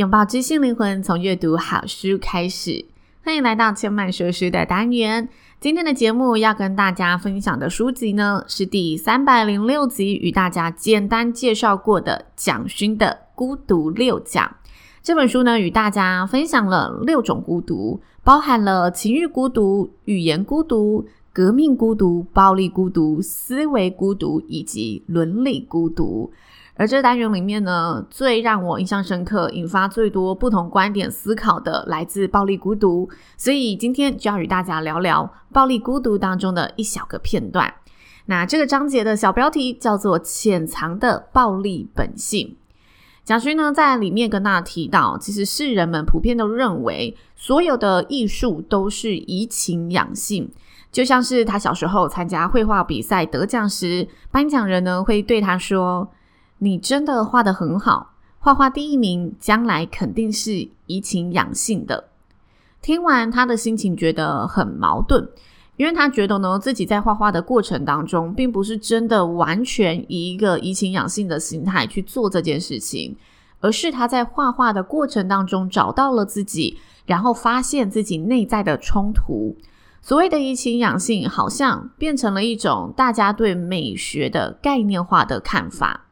擁抱知性靈魂，從閱讀好書開始。歡迎來到千嫚說書的單元。今天的節目要跟大家分享的書籍呢，是第三百零六集，與大家簡單介紹過的蔣勳的《孤獨六講》。這本書呢，與大家分享了六種孤獨，包含了情欲孤獨、語言孤獨、革命孤獨、暴力孤獨、思維孤獨以及倫理孤獨。而這單元裡面呢，最讓我印象深刻、引發最多不同觀點思考的，來自《暴力孤獨》。所以今天就要與大家聊聊《暴力孤獨》當中的一小個片段。那這個章節的小標題叫做《潛藏的暴力本性》。蔣勳呢，在裡面跟大家提到，其實世人們普遍都認為，所有的藝術都是怡情養性。就像是他小時候參加繪畫比賽得獎時，頒獎人呢會對他說，你真的畫得很好，畫畫第一名，將來肯定是怡情養性的。聽完他的心情覺得很矛盾，因為他覺得呢，自己在畫畫的過程當中，並不是真的完全以一個怡情養性的心態去做這件事情，而是他在畫畫的過程當中找到了自己，然後發現自己內在的衝突。所謂的怡情養性，好像變成了一種大家對美學的概念化的看法。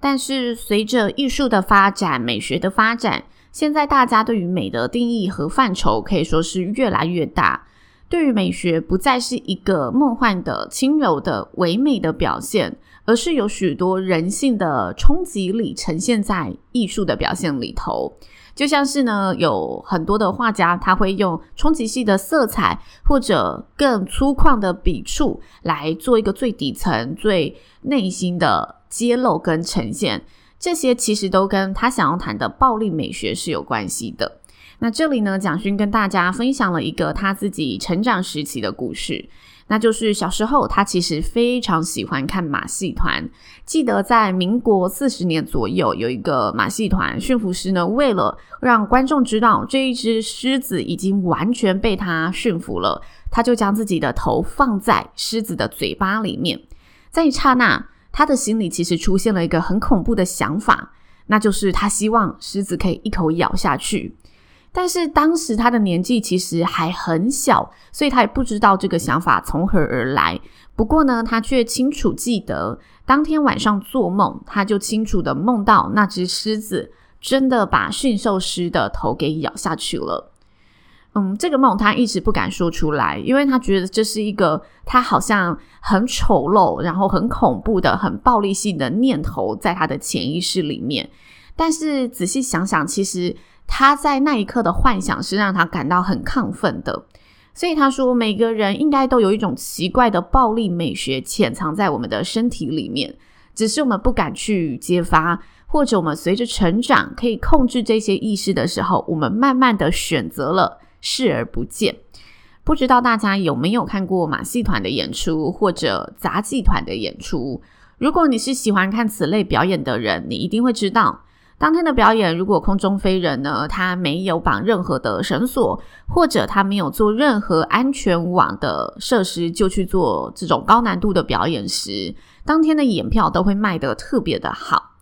但是，隨着藝術的發展，美學的發展，現在大家對於美的定義和範疇可以說是越來越大。對於美學，不再是一個夢幻的、輕柔的、唯美的表現，而是有許多人性的衝擊力呈現在藝術的表現裡頭。就像是呢，有很多的畫家，他會用衝擊性的色彩或者更粗獷的筆觸來做一個最底層、最內心的揭露跟呈現。這些其實都跟他想要談的暴力美學是有關係的。那這裡呢，蔣勳跟大家分享了一個他自己成長時期的故事。那就是小時候，他其實非常喜歡看馬戲團。記得在民國四十年左右，有一個馬戲團馴服師呢，為了讓觀眾知道這一只獅子已經完全被他馴服了，他就將自己的頭放在獅子的嘴巴裡面。在一剎那，他的心裡其實出現了一個很恐怖的想法，那就是他希望獅子可以一口咬下去。但是當時他的年紀其實還很小，所以他也不知道這個想法從何而來。不過呢，他卻清楚記得當天晚上做夢，他就清楚地夢到那隻獅子真的把馴獸師的頭給咬下去了。嗯，這個夢他一直不敢說出來，因為他覺得這是一個他好像很醜陋、然後很恐怖的、很暴力性的念頭在他的潛意識裡面。但是仔細想想，其實。他在那一刻的幻想是讓他感到很亢奮的，所以他說：“每個人應該都有一種奇怪的暴力美學潛藏在我們的身體裡面，只是我們不敢去揭發，或者我們隨着成長可以控制這些意識的時候，我們慢慢的選擇了視而不見。”不知道大家有沒有看過馬戲團的演出或者雜技團的演出？如果你是喜歡看此類表演的人，你一定會知道。當天的表演，如果空中飛人呢，他沒有綁任何的繩索，或者他沒有做任何安全網的設施，就去做這種高難度的表演時，當天的演票都會賣得特別的好。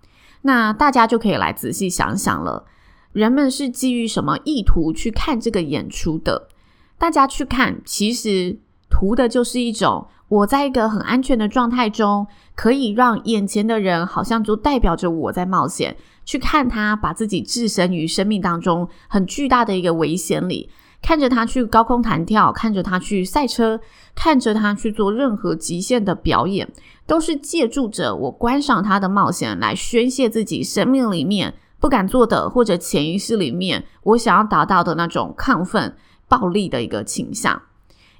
那大家就可以來仔細想想了，人們是基於什麼意圖去看這個演出的？大家去看，其實圖的就是一種，我在一個很安全的狀態中，可以讓眼前的人好像就代表着我在冒險。去看他，把自己置身於生命當中很巨大的一個危險裡，看着他去高空彈跳，看着他去賽車，看着他去做任何極限的表演，都是借助着我觀賞他的冒險來宣洩自己生命裡面不敢做的，或者潛意識裡面我想要達到的那種亢奮、暴力的一個傾向。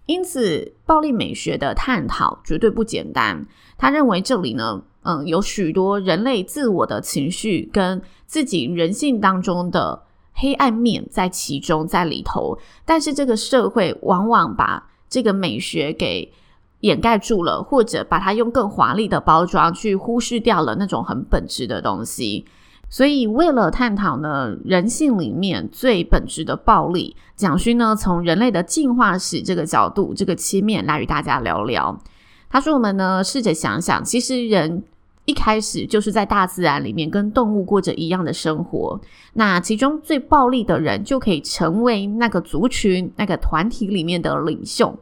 因此，暴力美學的探討絕對不簡單。他認為這裡呢。嗯，有許多人類自我的情緒跟自己人性當中的黑暗面在其中，在裡頭。但是這個社會往往把這個美學給掩蓋住了，或者把它用更華麗的包裝去忽視掉了那種很本質的東西。所以為了探討呢，人性裡面最本質的暴力，蔣勳呢從人類的進化史這個角度、這個切面來與大家聊聊。他說：“我們呢試着想想，其實人。”一開始就是在大自然裡面跟動物過着一樣的生活，那其中最暴力的人就可以成為那個族群、那個團體裡面的領袖。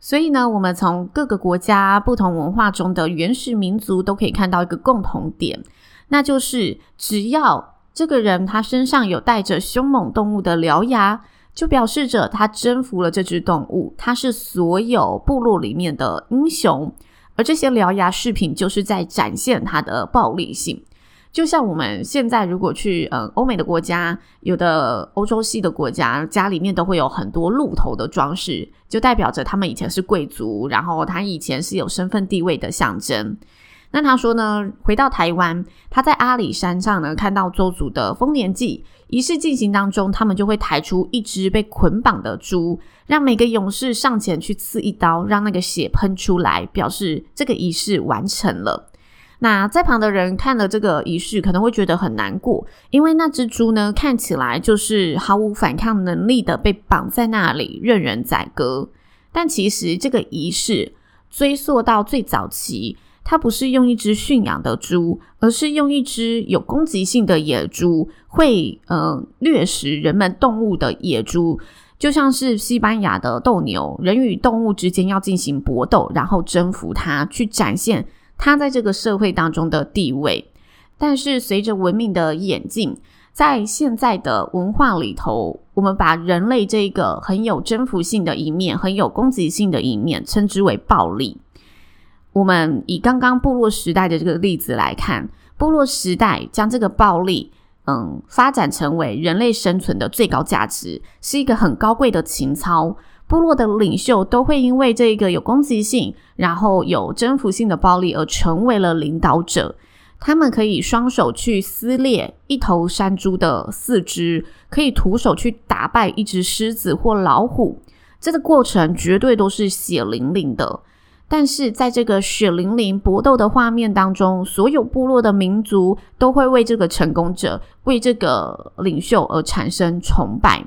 所以呢，我們從各個國家、不同文化中的原始民族都可以看到一個共同點，那就是只要這個人他身上有帶着兇猛動物的獠牙，就表示着他征服了這隻動物，他是所有部落裡面的英雄。而這些獠牙飾品就是在展現它的暴力性，就像我們現在如果去呃、嗯、歐美的國家，有的歐洲系的國家家裡面都會有很多鹿頭的裝飾，就代表着他們以前是貴族，然後他以前是有身份地位的象徵。那他說呢，回到台灣，他在阿里山上呢看到鄒族的豐年祭儀式進行當中，他們就會抬出一隻被捆綁的豬，讓每個勇士上前去刺一刀，讓那個血噴出來，表示這個儀式完成了。那在旁的人看了這個儀式，可能會覺得很難過，因為那隻豬呢看起來就是毫無反抗能力的被綁在那裡，任人宰割。但其實這個儀式追溯到最早期。它不是用一隻馴養的豬，而是用一隻有攻擊性的野豬，會呃掠食人們動物的野豬，就像是西班牙的鬥牛，人與動物之間要進行搏鬥，然後征服它，去展現它在這個社會當中的地位。但是隨着文明的演進，在現在的文化裡頭，我們把人類這一個很有征服性的一面，很有攻擊性的一面，稱之為暴力。我們以剛剛部落時代的這個例子來看，部落時代將這個暴力，嗯，發展成為人類生存的最高價值，是一個很高貴的情操。部落的領袖都會因為這個有攻擊性，然後有征服性的暴力而成為了領導者。他們可以雙手去撕裂一頭山豬的四肢，可以徒手去打敗一只獅子或老虎。這個過程絕對都是血淋淋的。但是在這個血淋淋搏鬥的畫面當中，所有部落的民族都會為這個成功者、為這個領袖而產生崇拜。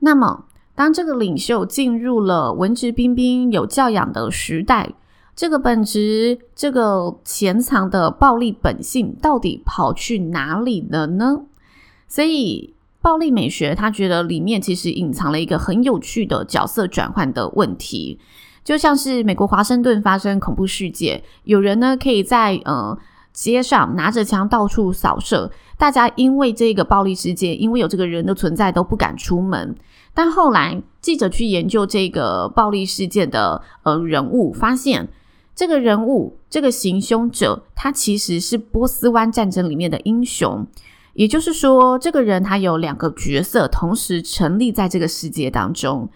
那麼，當這個領袖進入了文質彬彬、有教養的時代，這個本質、這個潛藏的暴力本性到底跑去哪裡了呢？所以，暴力美學他覺得裡面其實隱藏了一個很有趣的角色轉換的問題。就像是美國華盛頓發生恐怖事件，有人呢可以在呃街上拿着槍到處掃射，大家因為這個暴力事件，因為有這個人的存在都不敢出門。但後來記者去研究這個暴力事件的呃人物，發現這個人物，這個行兇者，他其實是波斯灣戰爭裡面的英雄，也就是說，這個人他有兩個角色同時成立在這個世界當中。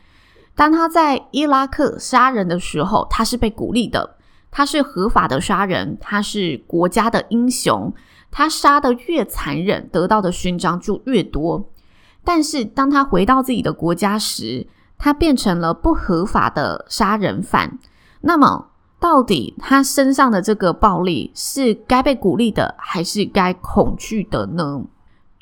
當他在伊拉克殺人的時候，他是被鼓勵的，他是合法的殺人，他是國家的英雄，他殺得越殘忍，得到的勳章就越多。但是當他回到自己的國家時，他變成了不合法的殺人犯。那麼，到底他身上的這個暴力是該被鼓勵的，還是該恐懼的呢？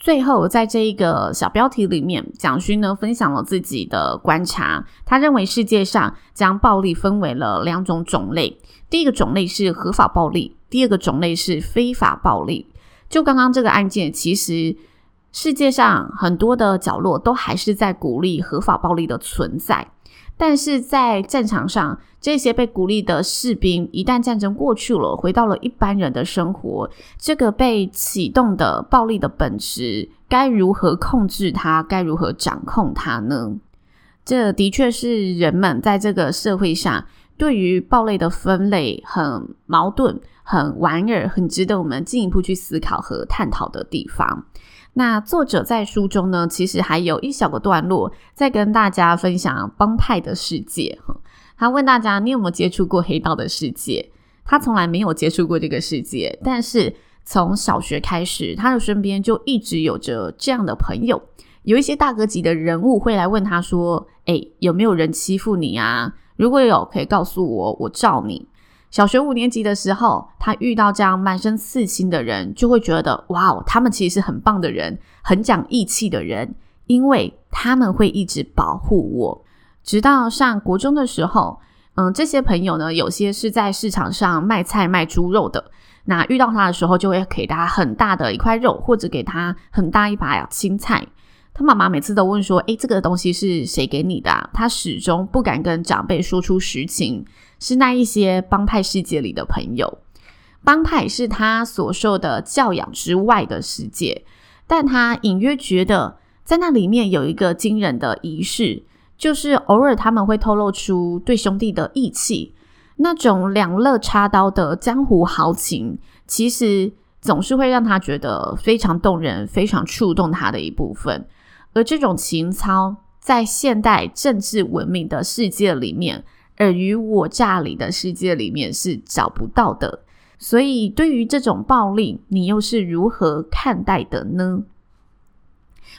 最後，在這一個小標題裡面，蔣勳呢，分享了自己的觀察。他認為世界上將暴力分為了兩種種類，第一個種類是合法暴力，第二個種類是非法暴力。就剛剛這個案件，其實世界上很多的角落都還是在鼓勵合法暴力的存在。但是在戰場上，這些被鼓勵的士兵，一旦戰爭過去了，回到了一般人的生活，這個被啟動的暴力的本質，該如何控制它？該如何掌控它呢？這的確是人們在這個社會上對於暴力的分類很矛盾、很玩兒，很值得我們進一步去思考和探討的地方。那作者在書中呢，其實還有一小個段落在跟大家分享幫派的世界哈。他問大家，你有沒有接觸過黑道的世界？他從來沒有接觸過這個世界，但是從小學開始，他的身邊就一直有着這樣的朋友，有一些大哥級的人物會來問他說：“誒、欸，有沒有人欺負你啊？如果有，可以告訴我，我罩你。”小學五年級的時候，他遇到這樣滿身刺青的人，就會覺得哇哦，他們其實是很棒的人，很講義氣的人，因為他們會一直保護我。直到上國中的時候，嗯，這些朋友呢，有些是在市場上賣菜賣豬肉的，那遇到他的時候，就會給他很大的一塊肉，或者給他很大一把青菜。他媽媽每次都問說：“誒，這個東西是誰給你的啊？”他始終不敢跟長輩說出實情。是那一些幫派世界裡的朋友，幫派是他所受的教養之外的世界，但他隱約覺得在那裡面有一個驚人的儀式，就是偶爾他們會透露出對兄弟的義氣，那種兩肋插刀的江湖豪情，其實總是會讓他覺得非常動人，非常觸動他的一部分。而這種情操在現代政治文明的世界裡面，爾虞我詐裡的世界裡面是找不到的，所以對於這種暴力，你又是如何看待的呢？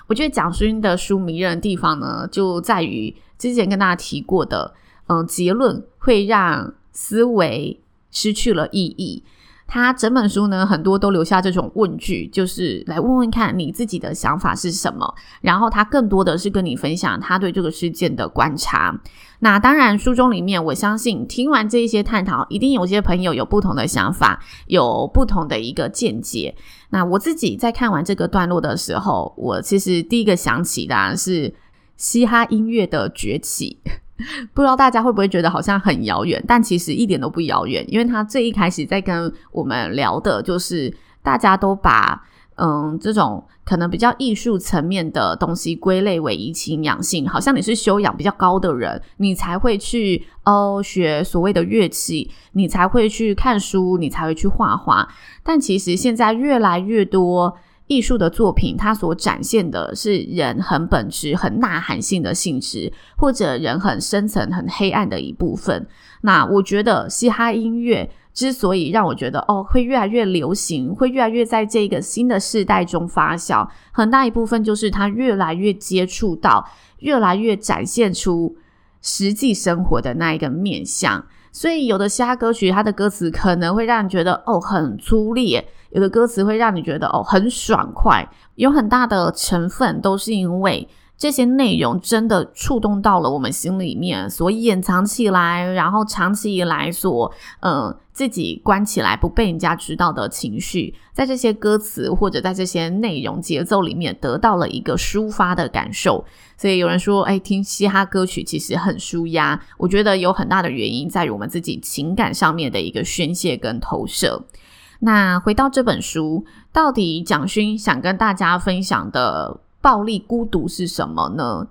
我覺得蔣勳的書迷人的地方呢，就在於之前跟大家提過的，嗯，結論會讓思維失去了意義。他整本書呢，很多都留下這種問句，就是來問問看你自己的想法是什麼。然後他更多的是跟你分享他對這個事件的觀察。那當然，書中裡面，我相信聽完這一些探討，一定有些朋友有不同的想法，有不同的一個見解。那我自己在看完這個段落的時候，我其實第一個想起的啊，是嘻哈音樂的崛起。不知道大家會不會覺得好像很遙遠，但其實一點都不遙遠。因為他最一開始在跟我們聊的，就是大家都把嗯這種可能比較藝術層面的東西歸類為怡情養性，好像你是修養比較高的人，你才會去哦學所謂的樂器，你才會去看書，你才會去畫畫。但其實現在越來越多。藝術的作品，它所展現的是人很本質、很吶喊性的性質，或者人很深層、很黑暗的一部分。那我覺得，嘻哈音樂之所以讓我覺得哦，會越來越流行，會越來越在這個新的世代中發酵，很大一部分就是它越來越接觸到，越來越展現出實際生活的那一個面向。所以，有的嘻哈歌曲，它的歌詞可能會讓人覺得哦，很粗糲。有的歌詞會讓你覺得，哦，很爽快，有很大的成分都是因為這些內容真的觸動到了我們心裡面，所以掩藏起來，然後長期以來所嗯自己關起來不被人家知道的情緒，在這些歌詞或者在這些內容節奏裡面得到了一個抒發的感受。所以有人說，哎，聽嘻哈歌曲其實很舒壓，我覺得有很大的原因在於我們自己情感上面的一個宣泄跟投射。那回到這本書，到底蔣勳想跟大家分享的暴力孤獨是什麼呢？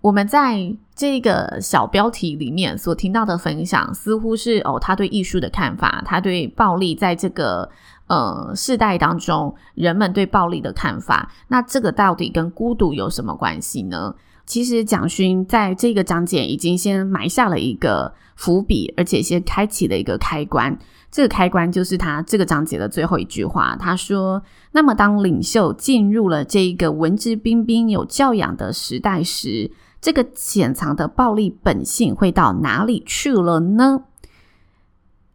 我們在這個小標題裡面所聽到的分享，似乎是，哦，他對藝術的看法，他對暴力在這個，呃，世代當中人們對暴力的看法。那這個到底跟孤獨有什麼關係呢？其實蔣勳在這個章節已經先埋下了一個伏筆，而且先開啟了一個開關。這個開關就是他這個章節的最後一句話。他說：“那麼，當領袖進入了這一個文質彬彬、有教養的時代時，這個潛藏的暴力本性會到哪裡去了呢？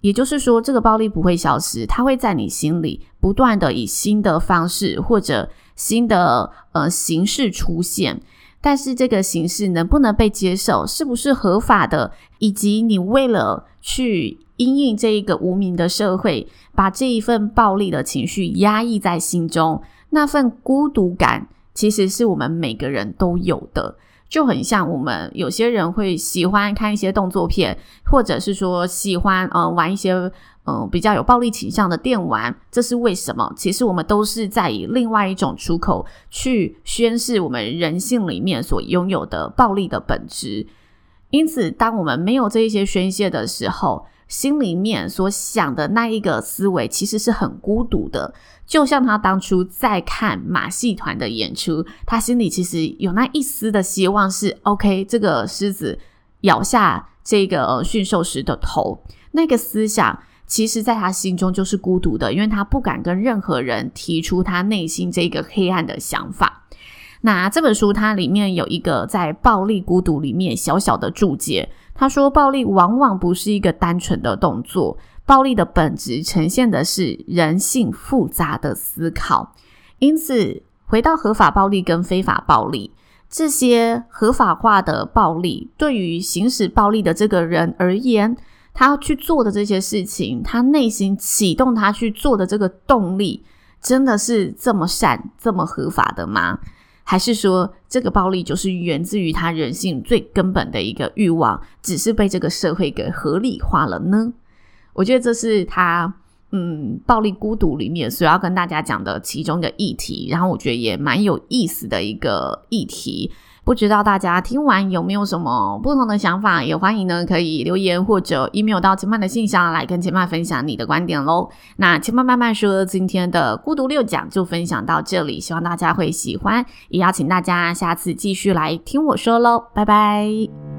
也就是說，這個暴力不會消失，它會在你心裡不斷地以新的方式或者新的呃形式出現。但是，這個形式能不能被接受，是不是合法的，以及你為了去……”因應這一個文明的社會，把這一份暴力的情緒壓抑在心中，那份孤獨感其實是我們每個人都有的。就很像我們有些人會喜歡看一些動作片，或者是說喜歡呃玩一些嗯、呃、比較有暴力傾向的電玩，這是為什麼？其實我們都是在以另外一種出口去宣示，我們人性裡面所擁有的暴力的本質。因此，當我們沒有這一些宣洩的時候，心裡面所想的那一個思維其實是很孤獨的，就像他當初在看馬戲團的演出，他心裡其實有那一絲的希望是 OK，這個獅子咬下這個馴獸師的頭，那個思想其實在他心中就是孤獨的，因為他不敢跟任何人提出他內心這個黑暗的想法。那這本書它裡面有一個在暴力孤獨裡面小小的注解。他說：“暴力往往不是一個單純的動作，暴力的本質呈現的是人性複雜的思考。因此，回到合法暴力跟非法暴力，這些合法化的暴力，對於行使暴力的這個人而言，他去做的這些事情，他內心啟動他去做的這個動力，真的是這麼善、這麼合法的嗎？”還是說，這個暴力就是源自於他人性最根本的一個慾望，只是被這個社會給合理化了呢？我覺得這是他嗯，暴力孤獨裡面所要跟大家講的其中一個議題，然後我覺得也蠻有意思的一個議題。不知道大家聽完有沒有什麼不同的想法，也歡迎呢可以留言或者 email 到千嫚的信箱來跟千嫚分享你的觀點嘍。那千嫚慢慢說，今天的孤獨六講就分享到這裡，希望大家會喜歡，也邀請大家下次繼續來聽我說嘍，拜拜。